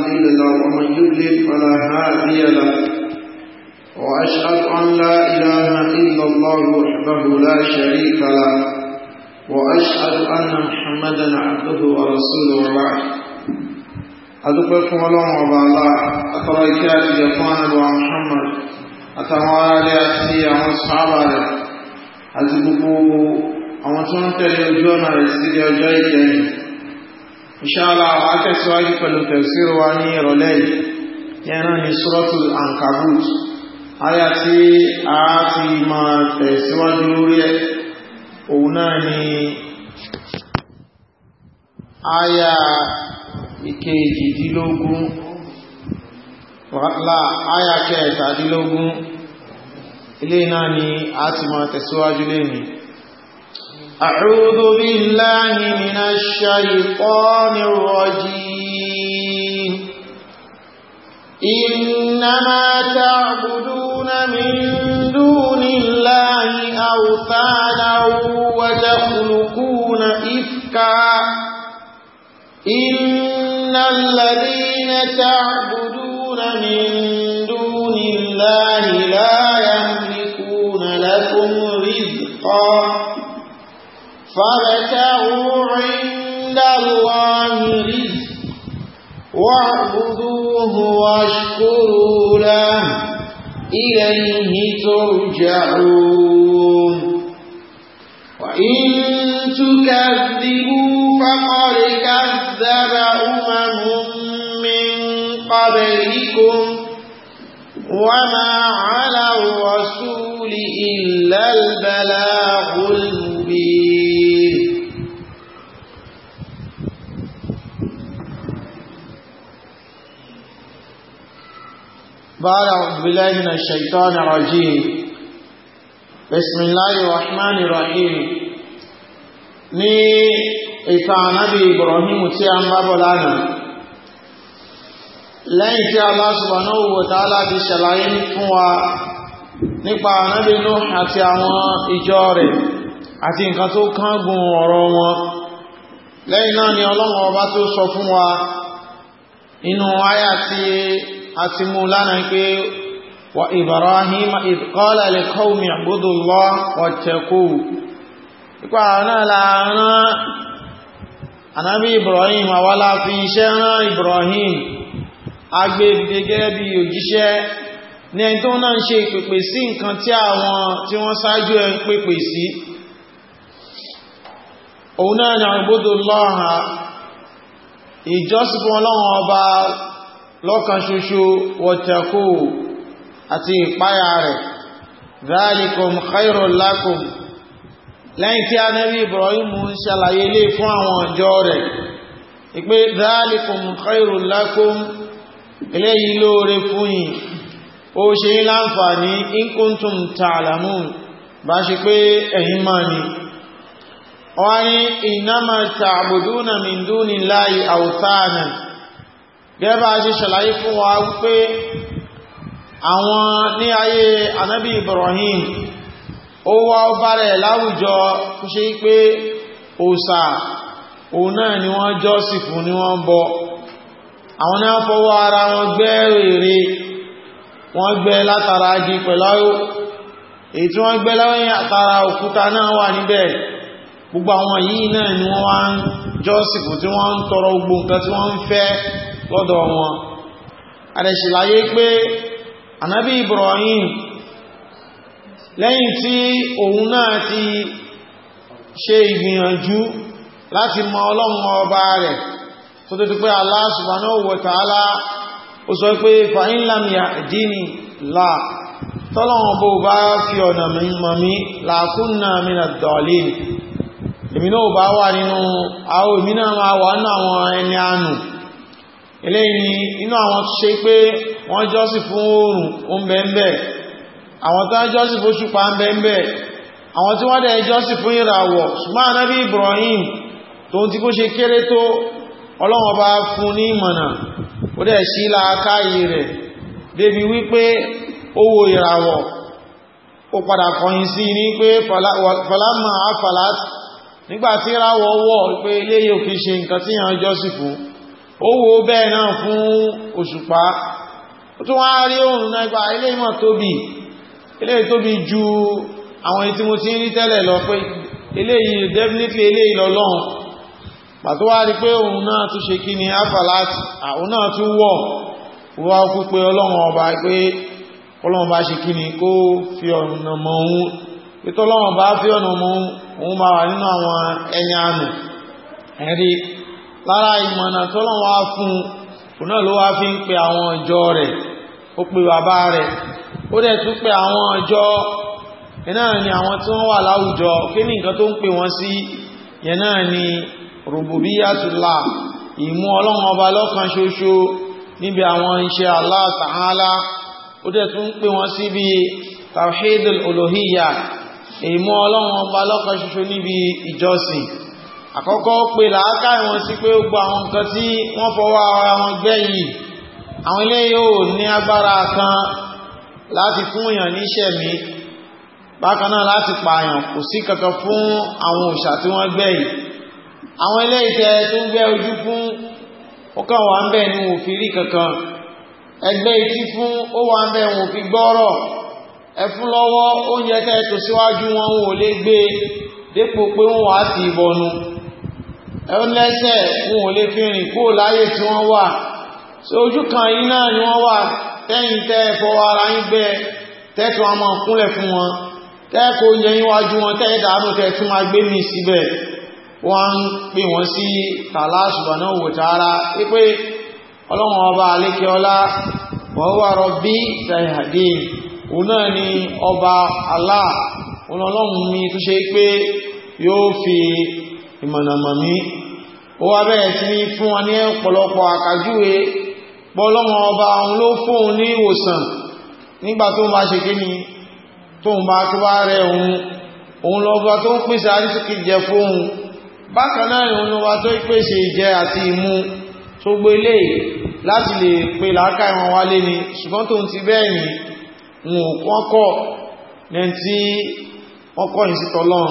مضل له ومن يضلل فلا هادي له وأشهد أن لا إله إلا الله وحده لا شريك له وأشهد أن محمدا عبده ورسوله بعد أدقكم الله وبعلا أتركات جفان ومحمد أتوالى أتي وأصحابه أتبقوا أمتون تلي وجونا رسيدي وجايتين inshallah akẹ́síwájú pẹ̀lú tẹ̀síru wa ní ìrọ̀lẹ́ yẹ́nà ní suratul ankabut ayá tí a ti ma tẹ̀síwájú lórí ẹ̀ òun náà ni ayá ìkejìdínlógún wàhálà ayá kẹtàdínlógún ilé náà ni a ti ma tẹ̀síwájú lẹ́nìí أعوذ بالله من الشيطان الرجيم إنما تعبدون من دون الله أوثانا وتخلقون إفكا إن الذين تعبدون من دون الله لا يملكون لكم رزقا فابتغوا عند الله رزق واعبدوه واشكروا له إليه ترجعون وإن تكذبوا فقد كذب أمم من قبلكم وما على الرسول إلا البلاغ المبين بعد أعوذ بالله من الشيطان الرجيم بسم الله الرحمن الرحيم ní ìtàn ànábì Ibrahim tí a ń bá bọ̀ lánàá lẹ́yìn tí Allah subhanahu wa ta'ala ti ṣàlàyé fún wa nípa ànábì Nuh àti àwọn ìjọ rẹ̀ àti nǹkan tó kángun ọ̀rọ̀ wọn lẹ́yìn náà ni Ọlọ́run ọba tó sọ fún wa inú àyà tí a ti mú lánàá Ibrahim idh qala li qawmi i'budullaha wattaquhu ipa náà Ibrahim àwọ́lá fi iṣẹ́ rán Ibrahim agbègbè bí òjíṣẹ́ ní ẹni tó náà ń ṣe ìpèpè sí nǹkan tí àwọn tí wọ́n ṣáájú ẹ ń pèpè sí òun náà ọba lọ́kan ṣoṣo wọ̀tẹ̀kù àti ìpáyà rẹ̀ dhalikum khairul lakum lẹ́yìn tí anábí Ibrahim ń ṣàlàyé lè fún àwọn ọjọ́ rẹ̀ ìpé dhalikum khairul lakum eléyìí lóore fún yín ó ṣe ní láǹfààní in kuntum ta'lamun bá ṣe pé ẹ̀yin máa ni wọ́n ní innama ta'buduna min gẹ́bà ṣe ṣàlàyé fún wa wípé àwọn ní ayé anábì Ibrahim ó wá ó bárẹ̀ láwùjọ tó ṣe pé òsà òun náà ni wọ́n jọ́sì fún ni wọ́n bọ àwọn náà fọwọ́ ara wọn gbẹ́ rèrè wọ́n gbẹ́ látara agi pẹ̀láwó èyí tí wọ́n gbẹ́ láwẹ́yìn àtara òkúta náà wà níbẹ̀ gbogbo àwọn yìí náà ni wọ́n wá ń jọ́sì fún tí wọ́n ń tọrọ gbogbo nǹkan tí wọ́n ń fẹ́ lọ́dọ̀ wọn àdẹ̀ṣìláyé pé ànábì Ibrahim lẹ́yìn tí òun náà ti ṣe ìgbìyànjú láti mọ ọlọ́run ọba rẹ̀ tó tó ti pé Allah subhanahu wa ó sọ pé fa'in lam yahdini la tọ́lọ́run bó bá fi ọ̀nà mímọ̀ mí la kunna minad dalin èmi náà bá wà nínú àwọn èmi náà máa wà eléyìí ni inú àwọn tó ṣe pé wọ́n jọ́sì fún oòrùn ó ń bẹ́ẹ̀ àwọn tó jọ́sì fún ṣùpá ń àwọn tí wọ́n dẹ̀ jọ́sì fún ìràwọ̀ ṣùgbọ́n anábí Ibrahim tó ti kó ṣe kéré tó Ọlọ́run bá fún ní ìmọ̀nà ó dẹ̀ sí làákàyè rẹ̀ débi wípé ó wo ìràwọ̀ ó padà kọ̀yìn sí ní pé fọlámà àfàlát nígbàtí ìràwọ̀ wọ̀ pé ilé yóò ṣe nǹkan tí yàn jọ́sì fún ó wo bẹ́ẹ̀ náà fún òṣùpá ó tún wá rí òun náà gba ilé ìmọ̀ tóbi ilé tóbi ju àwọn èyí tí mo ti ń rí tẹ́lẹ̀ lọ pé eléyìí definitely eléyìí lọ́lọ́run pàtó wá rí pé òun náà tún ṣe kí ni afalat àwọn náà tún wọ̀ wá fún pé ọlọ́run ọba pé ọlọ́run bá ṣe kí ni kó fi ọ̀nà mọ̀ òun pé tọ́lọ́run bá fi ọ̀nà mọ̀ òun máa wà nínú àwọn ẹni àmì ẹ̀rí lára ìmọ̀nà tọ́lọ́run wá fún un náà ló wá fi ń pe àwọn ọjọ́ rẹ̀ ó pe bàbá rẹ̀ ó dẹ̀ tún pe àwọn ọjọ́ ẹ̀nà ni àwọn tí wọ́n wà láwùjọ kí ní nǹkan tó ń pè wọ́n sí yẹn náà ni rububiyatullah ìmú ọlọ́run ọba lọ́kan ṣoṣo níbi àwọn iṣẹ́ Allah ta'ala ó dẹ̀ tún pè wọ́n sí bí tawhidul uluhiyya ìmú ọlọ́run ọba lọ́kan ṣoṣo níbi ìjọsìn àkọ́kọ́ pé làákà wọn sí pé ó gba àwọn nǹkan tí wọ́n fọwọ́ ara wọn gbẹ́ yìí àwọn ilé yóò ní agbára kan láti fún èèyàn ní ìṣẹ̀mí bákan náà láti pààyàn kò sí kankan fún àwọn òòṣà tí wọ́n gbẹ́ yìí àwọn ilé ìtẹ́ tó ń gbẹ́ ojú fún ó kàn wà ń bẹ̀ ní òfin rí kankan ẹgbẹ́ etí fún ó wà ń bẹ̀ wọn fi gbọ́rọ̀ ẹfún lọ́wọ́ oúnjẹ tẹ́ tò síwájú wọn ò lè gbé dépò pé wọ́n wà á ìbọnu ẹ̀hún lẹ́sẹ̀ wọn ò lè fi rìn kó láyé tí wọ́n wà so ojú kan yìí náà ni wọ́n wà tẹ́yìn tẹ́ ẹ̀fọ́ ara yín gbẹ tẹ́tù ọmọ kúnlẹ̀ fún wọn tẹ́kọ̀ yẹ níwájú wọn tẹ́ dàánù tẹ́ tún máa gbé mi síbẹ̀ wọ́n ń pè wọ́n sí Allah subhanahu wa ta'ala wípé ọlọ́wọ́n ọba alékẹ́ wọ́n wà rabbi sayhadin òun náà ni ọba Allah ọlọ́run mi tó ṣe pé yóò fi ìmọ̀nàmọ̀mí ó wá bẹ̀rẹ̀ sí ní fún wa ní ọ̀pọ̀lọpọ̀ àkàjúwe pọ́lọ́wọ́n ọba òun ló fóun ní ìwòsàn nígbà tó bá ṣe kí ni tó ń bá tó bá rẹ òun òun lọ́gbà tó ń pèsè àríṣìkì jẹ fóun bákan náà òun lọ́gbà tó pèsè ìjẹ àti ìmu tó gbé lè láti lè pe làákà ìwọ̀n wálé ni ṣùgbọ́n tó ti bẹ́ẹ̀ ni wọn ò kọ́ nẹ́ntí wọ́n kọ́ ìsìtọ́lọ́run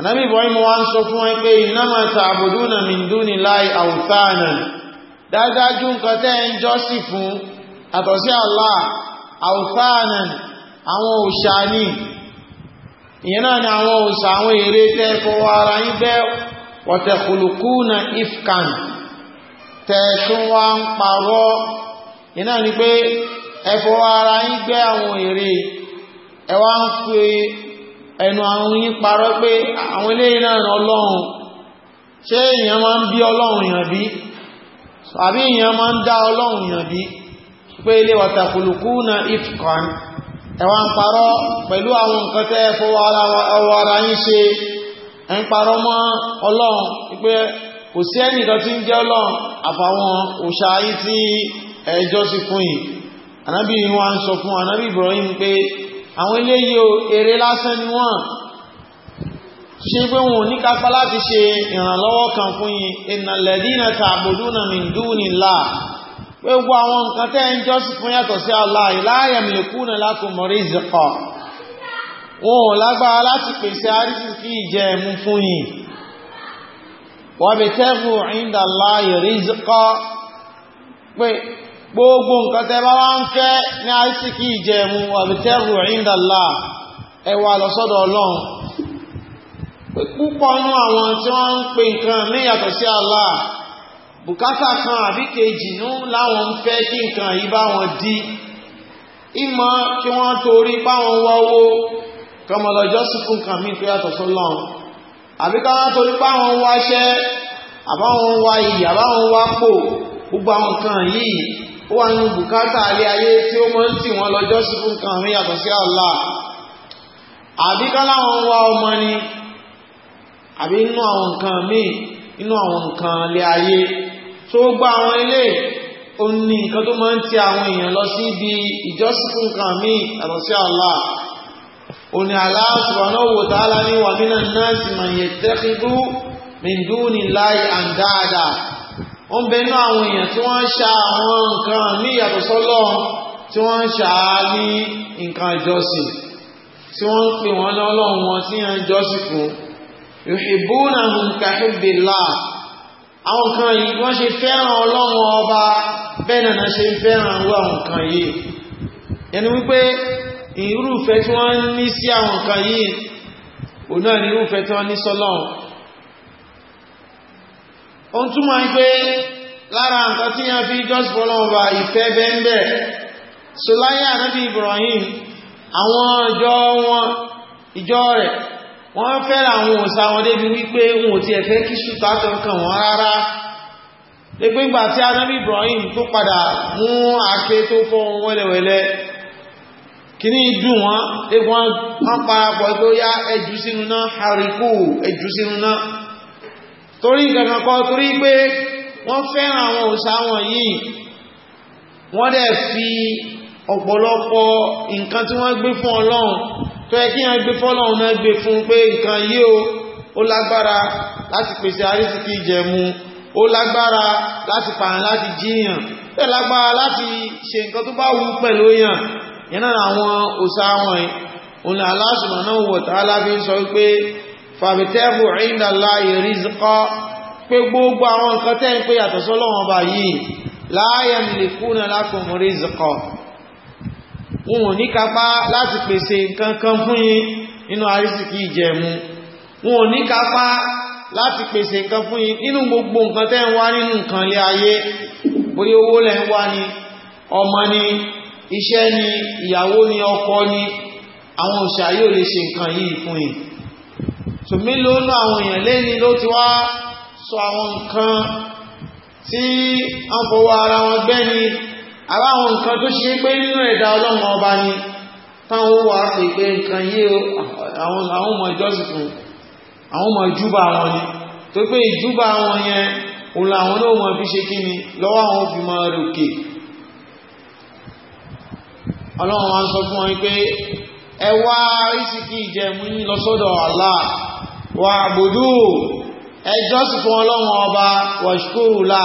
Ànábì Ibrahim wá ń sọ fún ẹ pé innama ta'buduna min duni Allahi lai dájájú nǹkan tẹ́ ń jọ́sì fún àtọ̀sí Allah awthana àwọn òṣà ní ìyẹn náà ni àwọn òṣà àwọn èrè tẹ́ fọwọ́ ara yín bẹ́ wa takhluquna ifkan tẹ́ tún wá ń parọ́ ìyẹn náà ni pé ẹ fọwọ́ ara yín gbẹ́ àwọn ẹnu àwọn yín parọ́ pé àwọn ilé iná ọlọ́run ṣé èèyàn máa ń bí ọlọ́run yàn bí àbí èèyàn máa ń dá ọlọ́run yàn bí pé ilé wàtàkùlùkù na ifkan ẹwà ń parọ́ pẹ̀lú àwọn nǹkan tẹ́ fọwọ́ ara yín ṣe ẹ ń parọ́ mọ́ ọlọ́run pé kò sí ẹnìkan tí ń jẹ́ ọlọ́run àfàwọn òṣà yín tí ẹjọ́ sí fún yìí wọn sọ Ibrahim pé àwọn eléyìí o eré lásán ni wọ́n ṣe pé wọn ò ní kápá láti ṣe ìrànlọ́wọ́ kan fún yín ìnàlẹ̀dínà tààbòdúnà mìndúnìlá pé gbogbo àwọn nǹkan tẹ́ ń jọ́sìn fún yàtọ̀ sí Allah láyẹ̀mìlẹ̀kúnà lákùnmọ̀rí ìzẹ̀kọ̀ wọn ò lágbára láti pèsè àrísìkí ìjẹ ẹ̀mú fún yín wọ́n bẹ̀ tẹ́fù ìndàlá ìrìzẹ̀kọ̀ pé gbogbo nǹkan tẹ bá wá ń fẹ́ ní àìsíkí ìjẹ̀mú àbìtẹ́rù ìndàlá ẹwà lọ́sọ́dọ̀ ọlọ́run púpọ̀ inú àwọn tí wọ́n ń pè nǹkan mí yàtọ̀ sí Allah bùkátà kan àbí kejì nú láwọn ń fẹ́ kí nǹkan yìí bá wọn di ìmọ̀ kí wọ́n torí báwọn wáwó kọmọlọ́jọ́ sí fún nǹkan mí tó yàtọ̀ sọ́lọ́run àbí káwọn torí báwọn wáṣẹ́ àbáwọn wá iyì àbáwọn wápò gbogbo àwọn nǹkan yìí ó wà nínú bùkátà alẹ́ ayé tí ó mọ́ ń tì wọ́n lọ́jọ́ sí kan rí yàtọ̀ sí Allah àbí káláwọn wá ọmọ ni àbí inú àwọn nǹkan míì inú àwọn nǹkan alẹ́ ayé tó gbá àwọn ilé ó ní nǹkan tó máa ń ti àwọn èèyàn lọ sí ibi ìjọsìn fún nǹkan yàtọ̀ sí Allah ó ní Allah subhanahu wa ta'ala ní wa minan nasi man yattakhidhu min dunillahi andada ó ń bẹnú àwọn èèyàn tí wọ́n ń ṣa àwọn nǹkan ní ìyàtọ̀ sọ́lọ́ tí wọ́n ń ṣa ní nǹkan ìjọsìn tí wọ́n ń pè wọ́n lọ́lọ́run wọn tí wọ́n ń jọ́sìn fún yuhibbunahum kahubbillah àwọn nǹkan yìí wọ́n ṣe fẹ́ràn ọlọ́run ọba bẹ́ẹ̀ náà ṣe fẹ́ràn irú àwọn nǹkan yìí yẹni wípé irúfẹ́ tí wọ́n ní sí àwọn nǹkan yìí òun náà ni irúfẹ́ tí wọ́n ní sọ́lọ́run ó ń túmọ̀ ń pé lára nǹkan tí yàn fi jọ́sí fọ́lọ́mọba ìfẹ́ bẹ́ẹ̀ so ànábì Ibrahim àwọn ìjọ wọn ìjọ rẹ̀ wọ́n fẹ́ àwọn òsà wọn débi wípé wọn ò ti ẹ̀fẹ́ kí ṣùtà tó kàn wọ́n rárá pé ńgbà tí ànábì Ibrahim tó padà mú àké tó fọ́ wọn wẹ́lẹ̀wẹ́lẹ́ kìíní dùn wọn egbọn wọn parapọ̀ pé ó yá ẹjù sínú náà harikú ẹjù sínú náà torí ìgbẹ̀gbẹ̀kọ́ torí pé wọ́n fẹ́ràn àwọn òṣà wọn yìí wọ́n dẹ̀ fi ọ̀pọ̀lọpọ̀ nǹkan tí wọ́n gbé fún ọlọ́run tó yẹ kí wọ́n gbé fún ọlọ́run náà gbé fún pé nǹkan yìí o ó lágbára láti pèsè àrísìkí ìjẹ̀mú ó lágbára láti pààyàn láti jíyàn ó lágbára láti ṣe nǹkan tó bá wù pẹ̀lú yàn yẹn náà àwọn òṣà wọn yìí òun ni Allah subhanahu wa ta'ala fi ń sọ pé fàbìtẹ́bù ìrìnà láyé rízikọ́ pé gbogbo àwọn nǹkan tẹ́ ń pè yàtọ̀ sọ́lọ́wọ́n bá yìí láyé mìlìkúnà lákùn rízikọ́ wọn ò ní kápá láti pèsè nǹkan kan fún yín nínú àrísìkí ìjẹ̀mú wọn ní kápá láti pèsè nǹkan fún yín nínú gbogbo nǹkan tẹ́ ń wá nínú nǹkan lé ayé bóyá owó lẹ́ ń wá ni ọmọ ni iṣẹ́ ni ìyàwó ni ọkọ ni àwọn òṣà lè ṣe nǹkan yìí fún yín sùmí lónú àwọn èèyàn lẹ́ni ló ti wá sọ àwọn nǹkan tí wọ́n fọwọ́ ara wọn gbẹ́ni àbáwọn nǹkan tó ṣe pé nínú ẹ̀dá ọlọ́run ọba ni táwọn wà pèpè nǹkan yé àwọn ọmọ ìjọsìn fún àwọn ọmọ ìjúbà wọn ni tó pé ìjúbà wọn yẹn òun làwọn náà mọ fi ṣe kíni lọ́wọ́ àwọn fi mọ ròkè ọlọ́run wa sọ fún wọn pé ẹ wá rísìkí ìjẹ̀mú yín lọ sọ́dọ̀ Allah wà àbùdú ẹjọ́ sì fún ọlọ́run ọba wọ̀ṣkúrùlà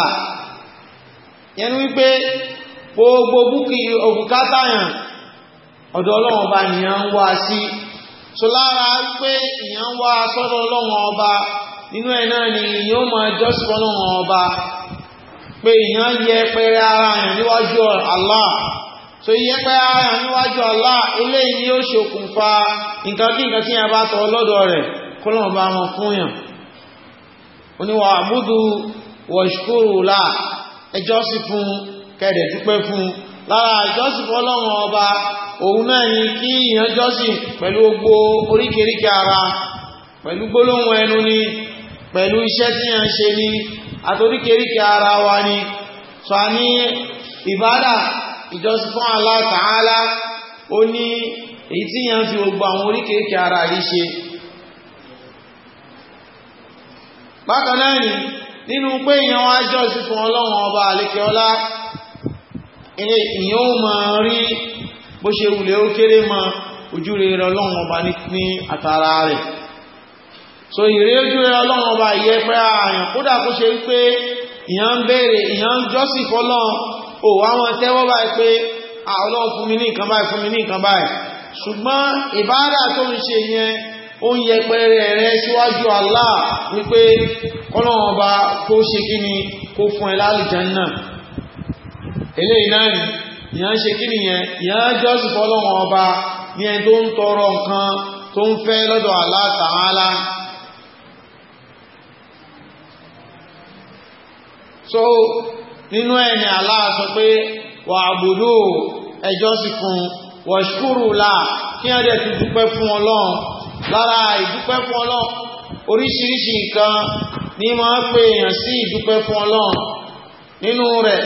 yẹnu wípé gbogbo búkì òbúkátàyàn ọ̀dọ̀ ọlọ́run ọba nìyàn ń wá sí so lára wípé ìyàn wá sọ́dọ̀ ọlọ́run ọba nínú ẹ̀ náà ni ìyàn mọ̀ ẹjọ́ sì fún ọlọ́run ọba pé ìyàn yẹ pẹrẹ ara yàn níwájú Allah so iye ara yàn níwájú Allah eléyìí ni ó ṣokùnfà nǹkan kí nǹkan tí yàn bá sọ ọlọ́dọ̀ rẹ̀ kọ́lọ́mù bá wọn fún yàn ó ní wà múdù wọ̀ṣkúrù là ẹjọ́ sì fún kẹ̀dẹ̀ dúpẹ́ fún lára ìjọ́sìn fọ́lọ́mù ọba òun náà ni kí ìyàn jọ́sìn pẹ̀lú gbogbo oríkèríkè ara pẹ̀lú gbólóhùn ẹnu ni pẹ̀lú iṣẹ́ tí a ń ṣe ni àtoríkèríkè ara wa ni sọ ní ìbádà ìjọsìn fún Allah Ta'ala ó ní èyí tí yàn fi gbogbo àwọn oríkèríkè ara yìí ṣe bákan náà ni nínú pé èèyàn wá jọ́sìn fún ọlọ́run ọba àlékè ọlá èèyàn ó máa rí bó ṣe wùlẹ̀ ó kéré mọ ojú rere ọlọ́run ọba ní àtàrà rẹ̀ so ìrí ojú rere ọlọ́run ọba yẹ pé àyàn ah, kódà kó ṣe pé èèyàn ń béèrè èèyàn ń jọ́sìn fọlọ́run ò wá wọn tẹ́wọ́ báyìí pé ah, ọlọ́run fún mi ní nǹkan báyìí fún mi ní nǹkan báyìí ṣùgbọ́n ìbáàdà tó ń ṣe yẹn ó ń yẹpẹrẹ rẹ síwájú Allah wípé ọlọ́wọ́n ọba kó ṣe kí ni kó fún ẹ lálùjánnà eléyìí náà ni ìyá ń ṣe kí nìyẹn ìyá jọ́sìn fọ́lọ́wọ́n ọba ní ẹni tó ń tọrọ nǹkan tó ń fẹ́ lọ́dọ̀ Allah Ta'ala so nínú ẹni Allah sọ pé wà àbùdó ẹjọ́sìn fún wọ̀ṣkúrù là kí wọ́n dẹ̀ ti dúpẹ́ fún ọlọ́run lára ìdúpẹ́ fún ọlọ́run oríṣiríṣi nǹkan ní máa pè èèyàn sí ìdúpẹ́ fún ọlọ́run nínú rẹ̀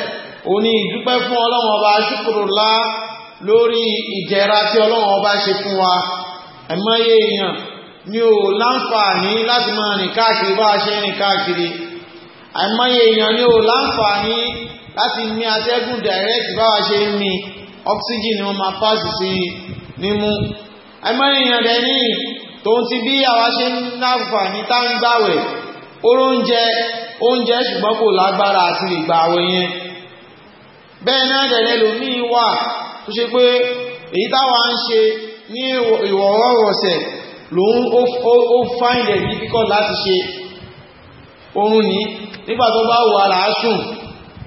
òun ni ìdúpẹ́ fún ọlọ́run ọba ṣùkúrùlá lórí ìjẹra tí ọlọ́run ọba ṣe fún wa ẹ̀mọ́yé èèyàn ni ò láǹfààní láti máa rìn káàkiri bá a ṣe rìn káàkiri àìmọye èèyàn ni ò láǹfààní láti ní atẹ́gùn dàírẹ́tì bá wa ṣe ń mi ọ́ksíjìn ni wọ́n máa pàṣẹ sí nímú àìmọye èèyàn dẹ̀ ní tó ń ti bí àwa ṣe ń láǹfààní tá ń gbàwẹ̀ oróúnjẹ oúnjẹ ṣùgbọ́n kò lágbára àti lè gbà àwẹ̀ yẹn bẹ́ẹ̀ náà dẹ̀lẹ́ lòmíì wà tó ṣe pé èyí táwa ń ṣe ní ìwọ̀wọ̀wọ̀sẹ̀ lòun ó fáìlẹ̀ difficult láti ṣe oorun ní nígbà tó bá wù ara sùn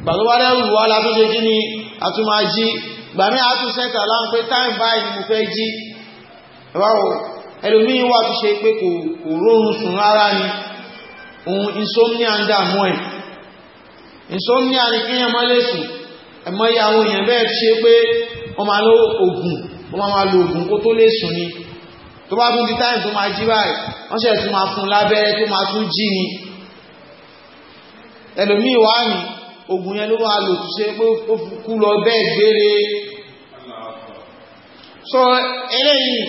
gbà tó bá dẹ́rù wù ara tó ṣe kí ni a tún máa jí gbà mí a tún sẹ́ta pé time báyìí ni mo fẹ́ jí ẹ̀wá wò ẹlòmí wà tó ṣe pé kò rọrùn sùn rárá ni ohun insomnia ń dàmú ẹ̀ insomnia ni kíyàn mọ́ lè sùn ẹ̀mọ́ yà àwọn èèyàn bẹ́ẹ̀ ṣe pé wọ́n máa lọ ògùn wọ́n máa lo ògùn kó tó lè sùn ni tó bá tún di táyì tó máa jí báyìí wọ́n ṣẹ̀ tún máa fún lábẹ́rẹ́ tó máa tún jí ni ẹlòmí wà ní ògùn yẹn ló máa lò tó ṣe pé ó kú lọ bẹ́ẹ̀ gbére so eléyìí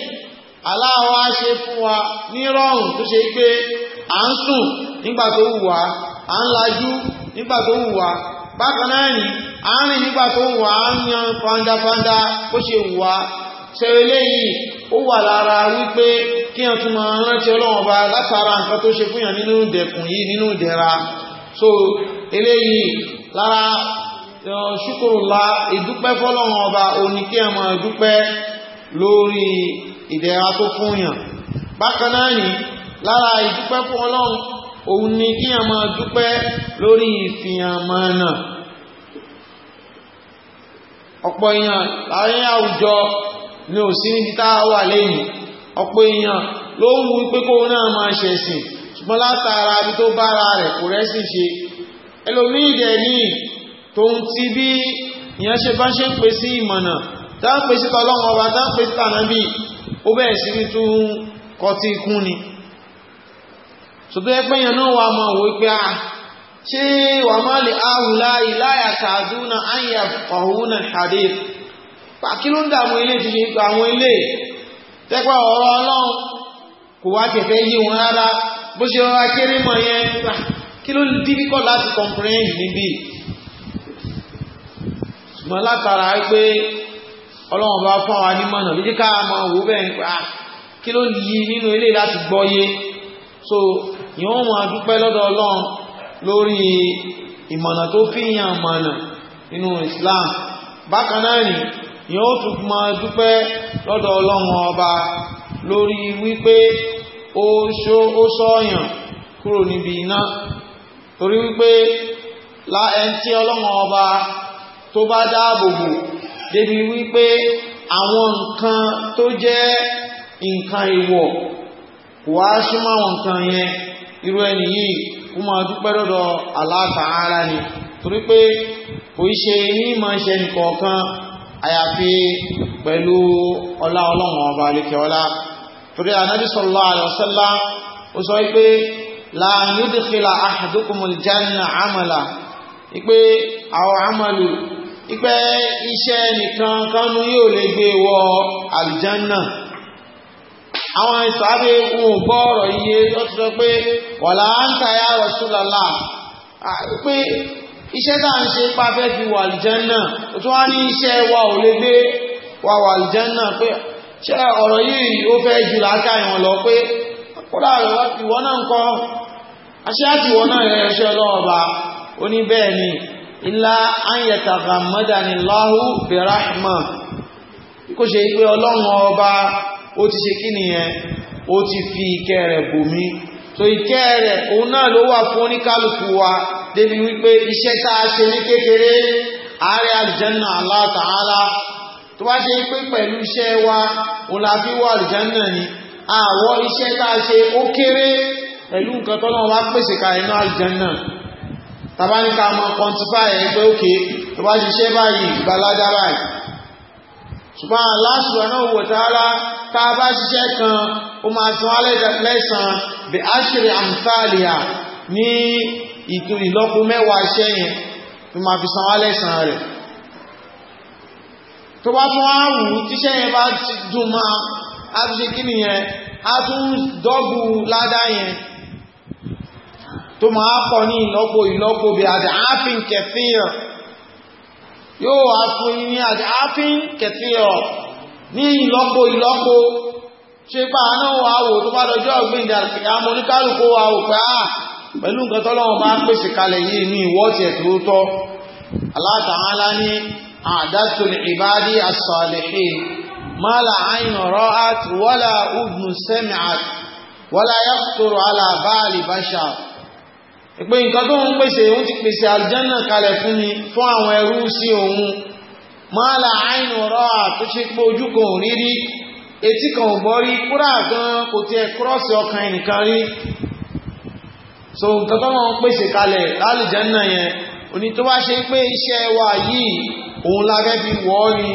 aláwa ṣe fún wa ní rọrùn tó ṣe pé à ń sùn nígbà tó wù wá à ń lajú nígbà tó wù wá bákan náà ni à ń rìn nígbà tó wù wá à ń yan fandafanda bó ṣe wù wá ṣẹlẹ̀ lẹ́yìn ó wà lára wípé kí wọn tún máa rántí Ọlọ́run ọba látara nǹkan tó ṣe fún yàn nínú ìdẹ̀kùn yìí nínú ìdẹ̀ra so eléyìí lára ṣukurula ìdúpẹ́ fọ́lọ́run ọba òní kí wọn máa dúpẹ́ lórí ìdẹ̀ra tó fún yàn bákan náà ni lára ìdúpẹ́ fún ọlọ́run òun ni kí a máa dúpẹ́ lórí ìfihàn mọ́nà ọ̀pọ̀ èèyàn láàrin àwùjọ ni ò sí níbi tá a wà lẹ́yìn ọ̀pọ̀ èèyàn ló ń wù pé kóun náà máa ṣẹ̀sìn ṣùgbọ́n látara ibi tó bára rẹ̀ kò rẹ́sì ṣe ẹlòmíì dẹ̀ ní tòun ti bí ìyẹn ṣe bá ṣe ń pè sí ìmọ̀nà tá ń pè sí tọlọ́run ọba tá ń pè sí tànábì ó bẹ̀rẹ̀ sí ní tún kọ tí ikún ni ṣùgbọ́ ẹgbẹ́ yẹn náà wà máa wò pé a ah, ṣé wà máa lè áhùlá ìláyà tààdúnà àyà ọ̀húnà àdé pàkí ló ń dà àwọn ilé ti ṣe pé àwọn ilé tẹ́pẹ́ ọ̀rọ̀ ọlọ́run kò wá kẹfẹ́ yí wọn rárá bó ṣe rọra kéré mọ̀ yẹn kí ló dídíkọ̀ láti comprehend níbí ṣùgbọ́n látara pé ọlọ́run bá fún àwọn anímọ̀nà ló jẹ́ ká máa wò bẹ́ẹ̀ nípa ah, kí ló yí nínú ilé láti gbọ́ yé so ìwọ́n máa dúpẹ́ lọ́dọ̀ ọlọ́run lórí ìmọ̀nà tó fi yàn mọ̀nà nínú Islam bákan náà ni ìyẹn ó tún máa dúpẹ́ lọ́dọ̀ ọlọ́run ọba lórí wípé ó ṣó ó sọ́ọ̀yàn kúrò níbi iná torí wípé ẹni tí ọlọ́run ọba tó bá dáàbòbò débi wípé àwọn nǹkan tó jẹ́ nǹkan ìwọ̀ wà súnmọ́ àwọn nǹkan yẹn irú ẹni yìí ó máa dúpẹ́ lọ́dọ̀ Allah Ta'ala ni torí pé kò ṣe ní máa ṣe nìkọ̀ọ̀kan àyàfi pẹ̀lú ọlá ọlọ́run ọba alékẹ́ ọlá torí ànábì sallallahu alaihi wasallam ó sọ wípé la yudkhila ahadukumul janna amala wípé àwọn amalu ipe iṣẹ́ nìkan kanu yóò lè gbé wọ àlùjánà àwọn ìsàbí ohun bọ́ ọ̀rọ̀ iye tó ti sọ pé wàlá ń tàyà Rasulullah pé iṣẹ́ tàà ń ṣe fi wà àlùjánà tó wá ní wa ò lè gbé wà wà àlùjánà pé ṣe ọ̀rọ̀ yìí ó jù lọ pé kódà ìwọ náà ń kọ́ aṣáàtì ìwọ náà rẹ̀ ṣe ọlọ́ọ̀ba ó ní ni illa an yataghammadani Allahu bi rahma kó ṣe pé ọlọ́run ọba ó ti ṣe kí nìyẹn ó ti fi ìkẹ́ rẹ̀ bò mí so ìkẹ́ rẹ̀ òun náà ló wà fún oníkálukú wa débi wípé iṣẹ́ tá a ṣe ní kékeré ààrẹ àlùjànnà Allah Ta'ala tó bá ṣe pé pẹ̀lú iṣẹ́ wa òun la fi wọ àlùjànnà ni àwọ̀ iṣẹ́ tá a ṣe ó kéré pẹ̀lú nǹkan tọ́lọ́run wá pèsè kalẹ̀ nínú àlùjànnà tàbá ní ká mọ́ quantify ẹ̀ pé ókè tó bá ṣiṣẹ́ báyìí ìgbàlájá báyìí ṣùgbọ́n Allah subhanahu wa ta'ala tá a bá ṣiṣẹ́ kan ó máa san alẹ́sàn bí ashri amthaliha ní ìtò ìlọ́po mẹ́wàá iṣẹ́ yẹn tó máa fi san alẹ́sàn rẹ̀ tó bá fún àrùn tíṣẹ́ yẹn bá dùn máa á fi ṣe kí nìyẹn á tún dọ́gbù ládá yẹn tó máa pọ̀ ní ìlọ́po ìlọ́po bí àdááfin kẹfíọ̀ yóò wá fún yín ní àdááfin kẹfíọ̀ ní ìlọ́po ìlọ́po ṣe pa náà wà wò tó bá dọjọ́ ọ̀gbìn ìdàkìyàmọ́ oníkálùkù wà wò pé à ah, pẹ̀lú nǹkan tọ́lọ́wọ́ bá ń pèsè kalẹ̀ yìí ní ìwọ́tí ẹ̀tù tọ́ Allah ta'ala ní a'dadtu li'ibadi as-salihin ma la 'aynu ra'at wala udhun sami'at wala yaqturu ala ìpé nǹkan tó ń pèsè òun ti pèsè aljanna kalẹ̀ fún mi fún àwọn ẹrú sí òun máa la àìnù ọ̀rọ̀ àtúnṣe pé ojú kan ò rí etí kan ò gbọ́ rí kúrà gan kò tiẹ̀ kúrọ́ọ̀sì ọkàn ẹnìkan rí so nǹkan tó wọ́n pèsè kalẹ̀ lálìjẹ́nà yẹn òní tó bá ṣe pé iṣẹ́ wa yìí òun lábẹ́ fi wọ́ ni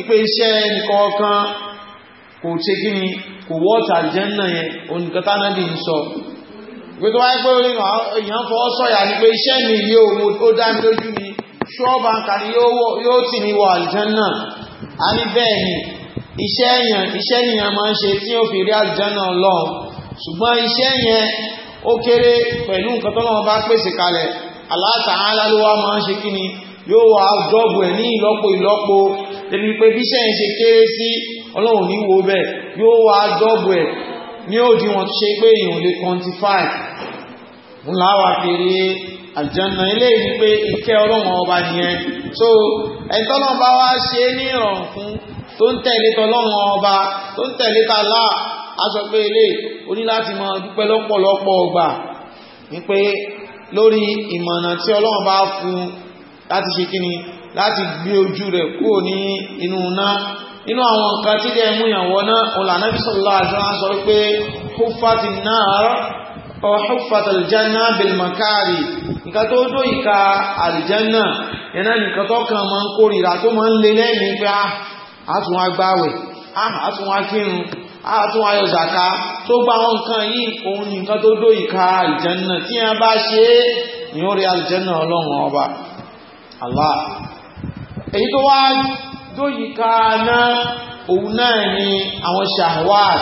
ipé iṣẹ́ nìkọ̀ọ̀kan kò ṣe kí ni kò wọ́ tàlìjẹ́nà yẹn òun nǹkan ń sọ ìgbé tó wáyé pé èèyàn fọwọ́ sọ̀yà ni pé iṣẹ́ mi yìí ó dá mi lójú ni ṣọ́ọ̀bàǹkà ni yóò tì mí wọ àlùjànnà a ní bẹ́ẹ̀ ni iṣẹ́ èèyàn iṣẹ́ èèyàn máa ń ṣe tí ó fi rí àlùjànnà lọ ṣùgbọ́n iṣẹ́ yẹn ó kéré pẹ̀lú nǹkan tó lọ́wọ́ bá pèsè kalẹ̀ Allah Ta'ala ló wá máa ń ṣe kí ni yóò wá jọ́bù ẹ̀ ní ìlọ́po ìlọ́po débi pé bí iṣẹ́ yẹn ṣe kéré sí ọlọ́run ní wo bẹ́ẹ̀ yóò wá jọ́bù ẹ̀ ní òdiwọ̀n tó ṣe pé èèyàn lè quantify ń láwà kiri àjànà ilé yìí pé ìkẹ́ ọlọ́run ọba nìyẹn so ẹ̀tọ́lọ́run bá wá ṣe ní ìrọ̀rùn fún tó ń tẹ̀lé tọlọ́run ọba tó ń tẹ̀lé ta láà á sọ pé ilé o ní láti máa dúpẹ́ lọ́pọ̀lọpọ̀ ọgbà wípé lórí ìmọ̀nà tí ọlọ́run bá fún láti ṣe kíni láti gbé ojú rẹ̀ kúrò ní inú náà inú àwọn nǹkan tí dẹ́ mú ìyànwọ́ náà olànàbí sọ́lá àṣírán sọ wípé hufati náà ọ hufati aljanna bilmakari nǹkan tó dó ìka aljanna ẹ̀nà nǹkan tó kàn máa ń kórìíra tó máa ń lè lẹ́yìn pé dóyìíká náà òun náà ni àwọn shahwat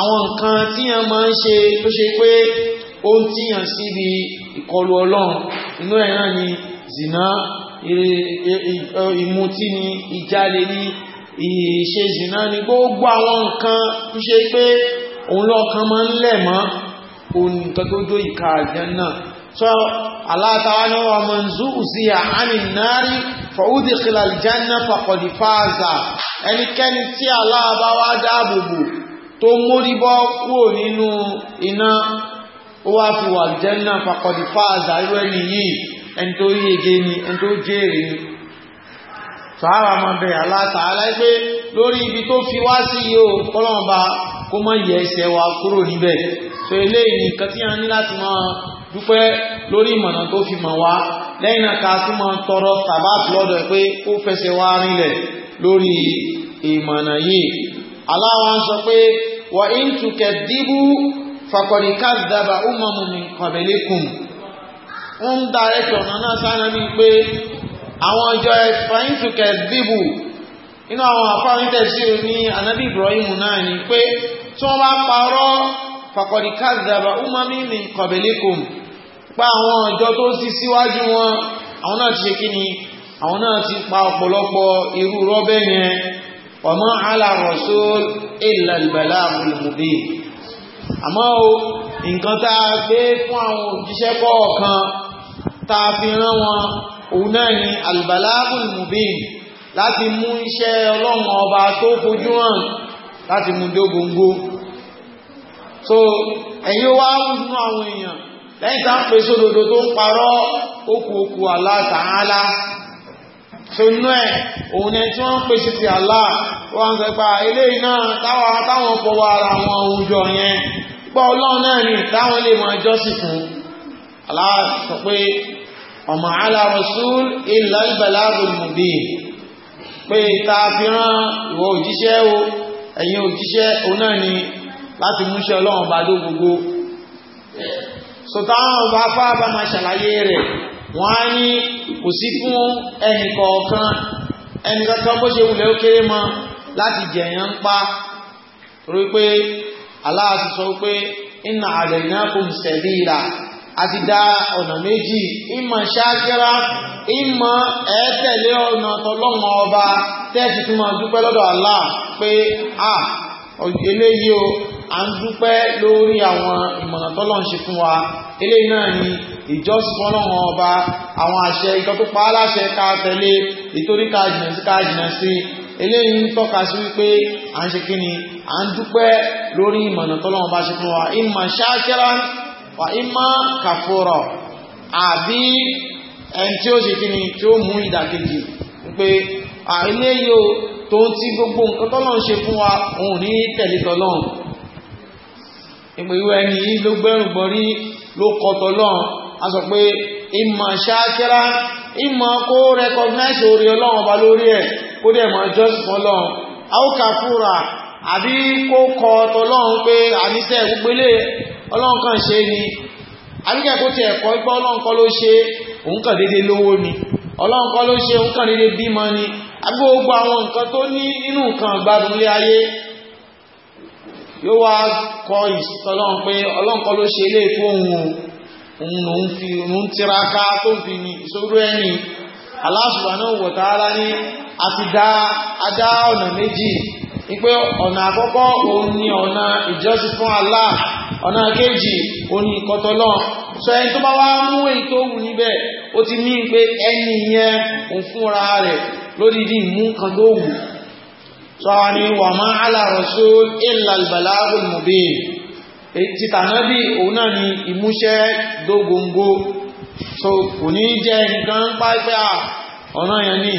àwọn nǹkan tí yẹn máa ń ṣe tó ṣe pé ó ń tíyàn síbi ìkọlù ọlọ́run inú ẹ̀ náà ni zina e, e, e, ìmutí ni ìjalè ni ìṣe zina ni gbogbo àwọn nǹkan tó ṣe pé òun lọ́kàn máa ń lẹ̀ mọ́ òun nǹkan tó dóyìíká àjẹ́ náà Allah ta'ala wa man zuziya 'anil nari fa udkhila al-janna faqad faza ẹnikẹ́ni tí Allah bá wá dáàbòbò tó mórí bọ́ kúrò nínú iná ó wá fi wà janna faqad faza irú ẹni yìí ẹni tó yege ni ẹni tó jèrè ni sàárà máa bẹ Allah ta'ala pé lórí ibi tó fi wá sí yìí ó kọ́lọ́mọba kó má yẹ ẹsẹ̀ wa kúrò níbẹ̀ so eléyìí nǹkan tí a ní láti máa dúpẹ́ lórí ìmọ̀nà tó fi mọ̀ wá lẹ́yìn náà ká tún máa tọrọ tàbáàtì lọ́dọ̀ pé ó fẹsẹ̀ wá rinlẹ̀ lórí ìmọ̀nà yìí Allah wá ń sọ pé wa in tukadibu faqad kadhaba umamun min qablikum ń darẹ̀ tọ̀nà náà sáyẹn ní pé àwọn ọjọ́ wa in tukadibu inú àwọn àfáà ní tẹ̀síò ní Ibrahim náà ni pé tí wọ́n bá parọ́ fàkọ̀dì kázàbà umami min kọ̀bẹ̀lẹ́kùn pa àwọn ọjọ́ tó ti síwájú wọn àwọn náà ti ṣe kí ni àwọn náà ti pa ọ̀pọ̀lọpọ̀ irú rọ́bẹ̀ yẹn ọmọ alárọ̀só ìlàlbàlá àmì àmọ́ o nǹkan tá a gbé fún àwọn òjíṣẹ́ kọ̀ọ̀kan tá a fi rán wọn òun náà ni àlùbàlá àmì láti mú iṣẹ́ ọlọ́run ọba tó fojú hàn láti mú dó gbogbo so ẹ̀yin wa nínú àwọn èèyàn lẹ́yìn tá ń pè sódodo tó ń parọ́ okù okù Allah Ta'ala so inú ẹ̀ òun ẹ̀ tí wọ́n ń pè sí ti Allah wọ́n ń sọ pa eléyìí náà táwọn táwọn fọwọ́ ara wọn òwújọ yẹn gbọ́ ọlọ́run náà ni táwọn lè máa jọ́sìn fún Allah sọ pé ọmọ ala rasul illa al-balagul mubin pé ta fi rán ìwọ òjíṣẹ́ o ẹ̀yin òjíṣẹ́ òun náà ni láti múṣẹ́ ọlọ́run bá dó gbogbo sọ̀tàwọn ọba afá bá máa ṣàlàyé rẹ̀ wọ́n á ní kò sí fún ẹnìkọ̀ọ̀kan ẹnìkọ̀ọ̀kan bó ṣe ó kéré láti jẹ̀yàn ń pa torí pé Allah sọ pé inna alaynakum sabila àti ọ̀nà méjì ìmọ̀ ìmọ̀ ẹ̀ẹ́tẹ̀lé ọ̀nà tọlọ́mọ ọba fún ọdún pẹ́ lọ́dọ̀ pé ah, o à ń dúpẹ́ lórí àwọn ìmọ̀nà tọ́lọ̀ ń ṣe fún wa eléyìí náà ni ìjọsìn fọ́lọ́run ọba àwọn àṣẹ ìtọ́ tó pa á láṣẹ ká tẹ̀lé ìtorí ká jìnà sí ká jìnà sí eléyìí ń tọ́ka sí wípé à ń ṣe kí ni à ń dúpẹ́ lórí ìmọ̀nà tọ́lọ̀ ọba ṣe fún wa ìmọ̀ ṣáàkẹ́rà wà ìmọ̀ kàfọ́rọ̀ àbí ẹni tí ó ṣe kí ni tí ó mú ìdàkejì pé àìléyò tó ń ti gbogbo nǹkan tọ́lọ̀ ń ṣe fún wa òun ní tẹ̀lé tọ́lọ́run ìpè irú ẹni yìí ló gbẹ́rùn gbọ́rí ló kọtọ lọ́run a sọ pé ìmọ̀ ṣáákẹ́rá ìmọ̀ kó recognize orí ọlọ́run ọba lórí ẹ̀ kó dẹ̀ mọ̀ jọ́sìn fún ọlọ́run àwòkàfúrà àbí kó kọ ọtọ lọ́run pé àníṣe gbélé ọlọ́run kan ṣe ni àbíkẹ́ kó tiẹ̀ kọ́ ipá ọlọ́run kọ́ ló ṣe òun kàn déédéé lówó ni ọlọ́run kọ́ ló ṣe òun kàn déédéé bímọ ni àbí gbogbo àwọn nǹkan tó ní nínú nǹkan ìgbádùn ilé ayé yóò wá kọ ìsọlọ́n pé ọlọ́nkọ́ ló ṣe ilé fóun òun lòun fi òun tiraka tó fi ní ìṣòro ẹni Allah subhanahu wa ta'ala ní àti dá adá ọ̀nà méjì wípé ọ̀nà àkọ́kọ́ òun ni ọ̀nà ìjọsìn fún Allah ọ̀nà kejì òun ni ìkọtọ́lọ́ sọ ẹni tó bá wá mú èyí tó wù níbẹ̀ ó ti ní pé ẹni yẹn òun fúnra rẹ̀ lódìdí ìmú kan tó wù sọ́wọ́ni wà máa alárọ̀só ìlàlbàlágùn mọ̀bí títà náà bí òun náà ni ìmúṣẹ́ dógóngó so kò ní jẹ́ nǹkan pàápẹ́ à ọ̀nà yẹn ní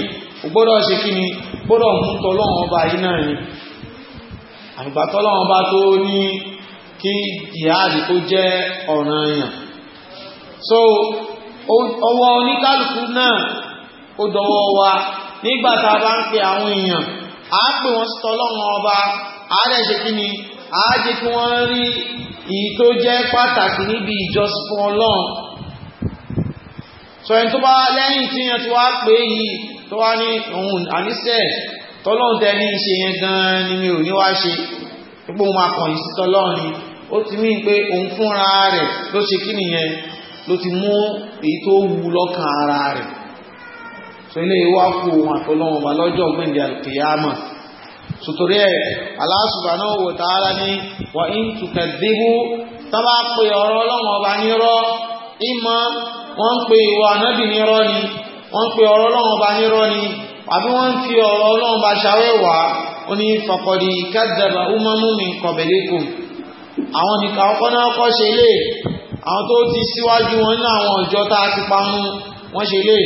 ògbọ́dọ̀ ṣe kí ni gbọ́dọ̀ mú tọ́lọ́wọ́n ọba yìí náà ni àgbà bá ń pe àwọn èèyàn a pè wọ́n tọ́lọ́wọ́n ọba ààrẹ ṣe kí ni a jẹ́ kí wọ́n rí èyí tó jẹ́ pàtàkì níbi ìjọsìn fún ọlọ́run sọ ẹni tó bá lẹ́yìn tí yẹn tó wá pé yìí tó wá ní òun àníṣẹ́ tọ́lọ́run tẹ ní ṣe yẹn gan-an ni mi ò ní wá ṣe pípé òun máa kàn yìí sí tọ́lọ́run ni ó ti mí pé òun fúnra rẹ̀ ló ṣe kí nìyẹn ló ti mú èyí tó wù lọ́kàn ara rẹ̀ so ilé ìwá kú wọn àtọlọ́wọ́n wa lọ́jọ́ gbẹ̀ndẹ̀ alkiyama sotori ẹ̀ Allah subhanahu wa ta'ala ní wa in tukadhibu tábà pé ọ̀rọ̀ ọlọ́wọ́n ọba nírọ́ ìmọ̀ wọ́n ń pe ìwọ ànábì nírọ́ ni wọ́n ń pe ọ̀rọ̀ ọlọ́wọ́n ọba nírọ́ ni àbí wọ́n ń fi ọ̀rọ̀ ọlọ́wọ́n ọba ṣàwẹ́wà ó ní faqadi kadhaba umamun min qablikum àwọn nìkan ọkọ́ náà kọ́ ṣe lé àwọn tó ti síwájú wọn ní àwọn ọjọ́ tá a ti pamọ́ wọ́n ṣe lé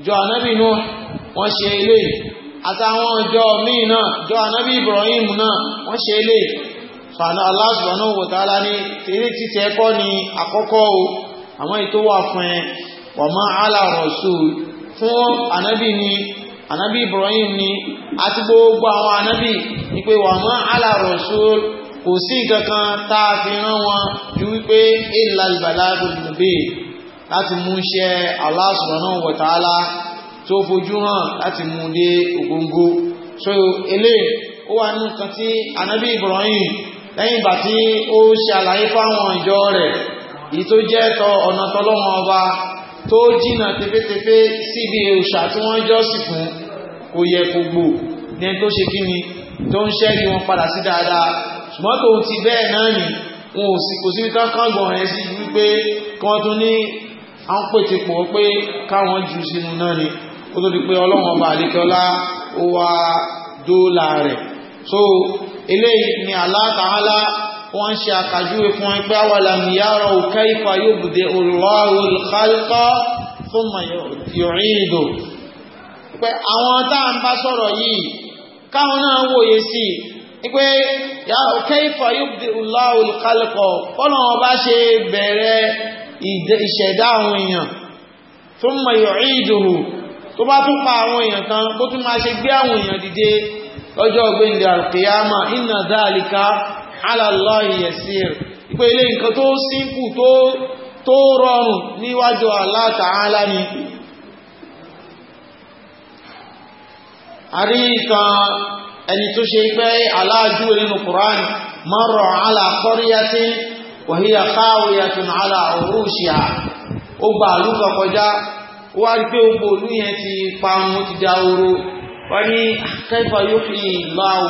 ìjọ ànábì inú wọ́n ṣe ilé àtàwọn ọjọ́ míì náà ìjọ ànábì Ibrahim náà wọ́n ṣe ilé fàánà Allah subhanahu wa ta'ala ní eré títẹ ẹkọ́ ni àkọ́kọ́ o àwọn ètò wà fún ẹ wa ma ala rasul fún ànábì ni ànábì Ibrahim ni àti gbogbo àwọn ànábì ni pé wa ma ala kò sí nǹkan kan tá a fi rán wọn ju wípé illal balagul mubin láti mú iṣẹ́ Allah subhanahu wa ta'ala tó fojú hàn láti mú dé ògóngó so eléyìí ó wà nínú kan tí Ànábì Ibrahim lẹ́yìn ìgbà tí ó ṣe àlàyé fáwọn ìjọ rẹ̀ èyí tó jẹ́ tọ ọ̀nà tọlọ́mọ ọba tó jìnà tefétefé síbi òòṣà tí wọ́n jọ́sìn fún kò yẹ kó gbò ní ẹni tó ṣe kí ni tó ń ṣẹ́rí wọn padà sí dáadáa ṣùgbọ́n tòun ti bẹ́ẹ̀ náà nì wọn ò sì kò síbi tán kán gbọ̀n ẹ̀ sí wípé kí wọ́n tún ní a ń pètè pọ̀ pé káwọn jù sínú náà ni ó tó di pé ọlọ́run ọba àdékọ́lá ó wá dóòlà rẹ̀ so eléyìí ni Allah Ta'ala wọ́n ń ṣe àkàjúwe fún ẹgbẹ́ awalam yarau kayfa yubdi'u Allahu al-khalqa thumma yu'idu pé àwọn tá à ń ìṣẹ̀dá àwọn èèyàn tó mọ̀ yọ̀rí ìdòrò tó bá tún pa àwọn èèyàn kan bó tún máa ṣe gbé àwọn èèyàn dìde lọ́jọ́ ọgbẹ́ndẹ̀ alkiyama inna dhalika ala Allahi yasir ipé ilé nǹkan tó sínkù tó rọrùn wàhíyà káwíyà tó nàálà òrùsíà ó gba àlú kọjá wá rí pé ogbò olú yẹn ti parun ti da oró wọ́n ní kẹfà yóò fi láwù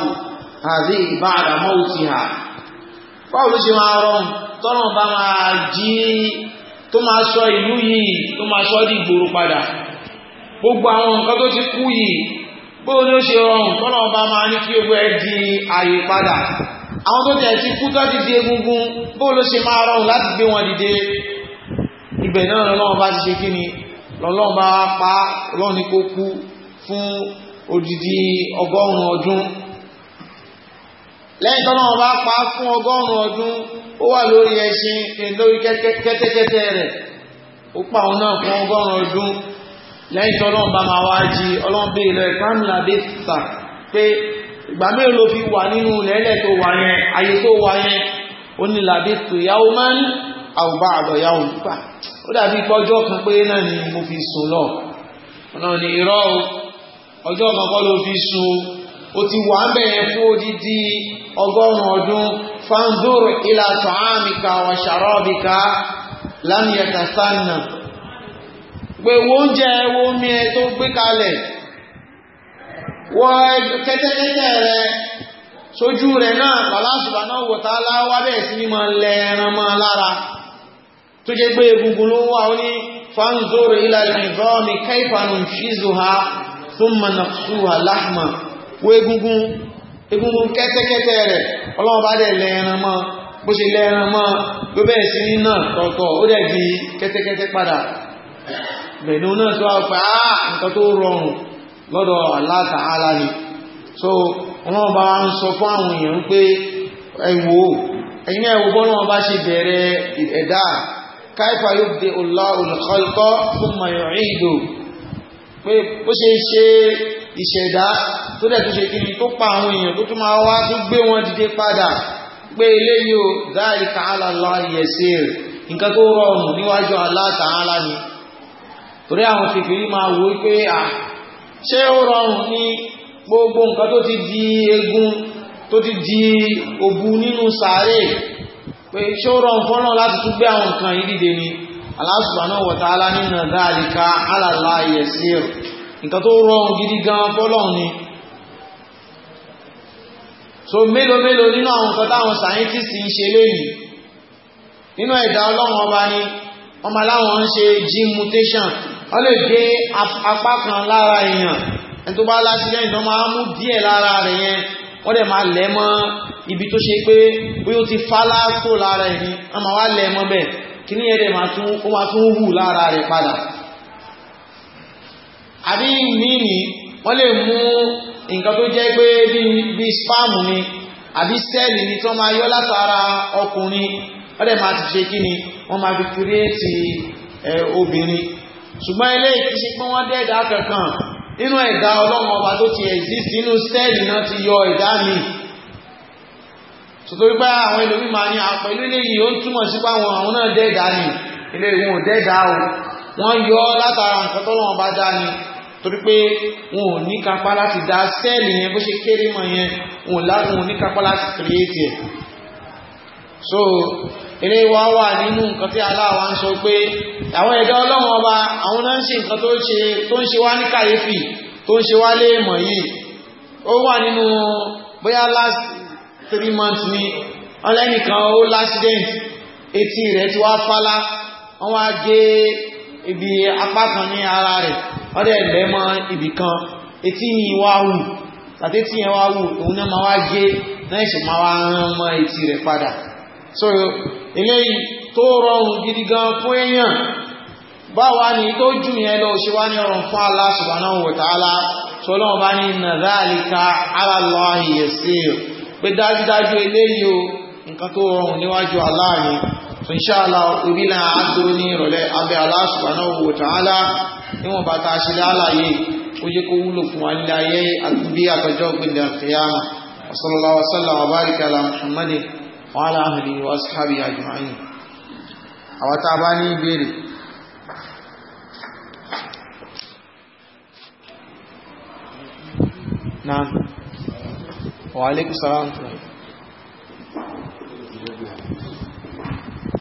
àti ìbá àdàmọ́ òtì hà Kwa ṣe máa rọrùn tọ́nà bá máa jí tó máa sọ ìlú yìí tó máa sọ ìgboro padà gbogbo àwọn nǹkan tó ti kú yìí bó ló ṣe rọrùn bá máa ní kí ẹ di àyè àwọn tó tẹ̀ ti kú tó dìde egungun bó ló ṣe máa rọrùn láti gbé wọn dìde ibẹ̀ náà lọ́lọ́run bá ti ṣe kí ni lọ́lọ́run bá pa lọ́ni kó kú fún odidi ọgọ́rùn-ún ọdún lẹ́yìn tọ́lọ́run bá pa fún ọgọ́rùn-ún ọdún ó wà lórí ẹṣin lórí kẹ́tẹ́kẹ́tẹ́ rẹ̀ ó pa òun náà fún ọgọ́rùn-ún ọdún lẹ́yìn tọ́lọ́run bá máa wá jí ọlọ́run bèèrè rẹ̀ kánìlá dé tà pé ìgbà mélòó ló fi wà nínú lẹ́lẹ̀ tó wà yẹn ayé tó wà yẹn ó ní làbí tó yàwó máa ń àwùbá àlọ́ ó dàbí kan pé náà mo fi sùn lọ ọ̀nà ní irọ́ ọjọ́ kan kọ́ ló fi sùn ó ti wà ń bẹ̀yẹn fún odidi ọgọ́rùn-ún ọdún fanzur ila ta'amika wa sharabika lam yatasanna pé wọ́n jẹ́ wọ́n mi ẹ wọ kẹ́tẹ́kẹ́tẹ́ rẹ sójú rẹ náà Allah subhanahu wa ta'ala wá bẹ́ẹ̀ sí ní máa lẹ ẹran máa lára tó jẹ́ pé egungun ló wà ó ní fanzur ila al-'idhami kayfa nunshizuha thumma naksuha lahma wo egungun egungun kẹ́tẹ́kẹ́tẹ́ rẹ̀ ọlọ́run bá dẹ̀ lẹ ẹran mọ́ bó ṣe lẹ ẹran mọ́ ló bẹ̀rẹ̀ sí lọ́dọ̀ Allah Ta'ala so wọ́n bá ń sọ fún àwọn èèyàn pé ẹwò ẹ̀yìn ẹwò bọ́n wọn bá ṣe bẹ̀rẹ̀ ẹ̀dá kaifa yubdi'u Allahul khalqa thumma yu'idu pé ó ṣe ṣe ìṣẹ̀dá tó dẹ̀ tó ṣe kí ni tó pa àwọn èèyàn tó tún máa wá tó gbé wọn dìde padà pé eléyìí o dhalika 'ala Allahi yasir nǹkan tó rọrùn níwájú Allah Ta'ala torí àwọn kékeré máa wo pé ah, ṣé ó rọrùn ní gbogbo nǹkan tó ti di egun tó ti di òbu nínú sàárè pé ṣé ó rọrùn fọ́nà láti tún gbé àwọn nǹkan yìí ni Allah subhanahu wa ta'ala nínú dhalika ala Allahi yasir nǹkan tó rọrùn gidi gan fọ́lọ́run ni so mélòó mélòó nínú àwọn nǹkan táwọn sàyẹ́ntìsì ń ṣe lónìí nínú ẹ̀dá ọlọ́run ọba ni ọmọ aláwọn ń ṣe gene mutation wọ́n lè dé apá kan lára èèyàn ẹni tó bá lásìdẹ́ǹtì tó máa mú díẹ̀ lára rẹ̀ yẹn wọ́n dẹ̀ máa lẹ̀ mọ́ ibi tó ṣe pé bóyá ó ti fálá tó lára ẹni wọ́n máa wá lẹ̀ mọ́ bẹ́ẹ̀ kí ní ẹ̀rẹ̀ ó máa tún hù lára rẹ̀ padà àbí mìíní wọ́n lè mú nǹkan tó jẹ́ pé bí spáàmù ni àbí sẹ́ẹ̀lì ni tó máa yọ látara ọkùnrin wọ́n dẹ̀ máa ti ṣe kí ni wọ́n máa fi kúrẹ́ẹ̀tì eh, obìnrin ṣùgbọ́n eléyìí kìí ṣe pé wọ́n dé ẹ̀dá kankan nínú ẹ̀dá ọlọ́run ọba tó ti exist nínú sẹ́ẹ̀lì náà ti yọ ẹ̀dá mi ṣùgbọ́n pé àwọn ẹlòmíì máa ní àpẹẹlú eléyìí ó ń túmọ̀ sí páwọn àwọn náà dé ẹ̀dá ni eléyìí wọn ò dé ẹ̀dá o wọ́n yọ látara nǹkan tọ́lọ́run ọba dá ni torí pé wọn ò ní kápá láti dá sẹ́ẹ̀lì yẹn bó ṣe kéré mọ̀ yẹn wọn ò ní kápá láti create ẹ̀ so ilé wa wà nínú nǹkan tí aláwa ń sọ pé àwọn ẹ̀dá ọlọ́run ọba àwọn náà ń ṣe nǹkan tó ṣe tó ń ṣe wá ní kàyéfì tó ń ṣe wá lé mọ̀ yìí ó wà nínú bóyá last three months ni ọlẹ́nìkan ó l'accident etí rẹ̀ ti wá fálá wọ́n wá gé ibi apá kan ní ara rẹ̀ ọdẹ ẹ̀lẹ́ mọ́ ibì kan etí ni wá wù tàbí tí yẹn wá wù òun náà máa wá gé náà ìṣẹ̀ máa wá rán mọ́ etí rẹ̀ padà so eléyìí tó rọrùn gidi gan fún èèyàn báwa ni tó jù yẹn lọ ṣe wá ní ọrùn fún Allah subhanahu wa ta'ala tọ́lọ́wọ́ bá ní nàzálìka ala Allahi yasir pé dájúdájú eléyìí o nǹkan tó rọrùn níwájú Allah ni insha Allah orí náà á dúró ní ìrọ̀lẹ́ abẹ́ Allah subhanahu wa ta'ala níwọ̀n bàtà ṣe láàlàyé ó yẹ kó wúlò fún wa nílé ayé àti bí وعلى أهله وأصحابه أجمعين أو تعباني بيري نعم وعليكم السلام ورحمة الله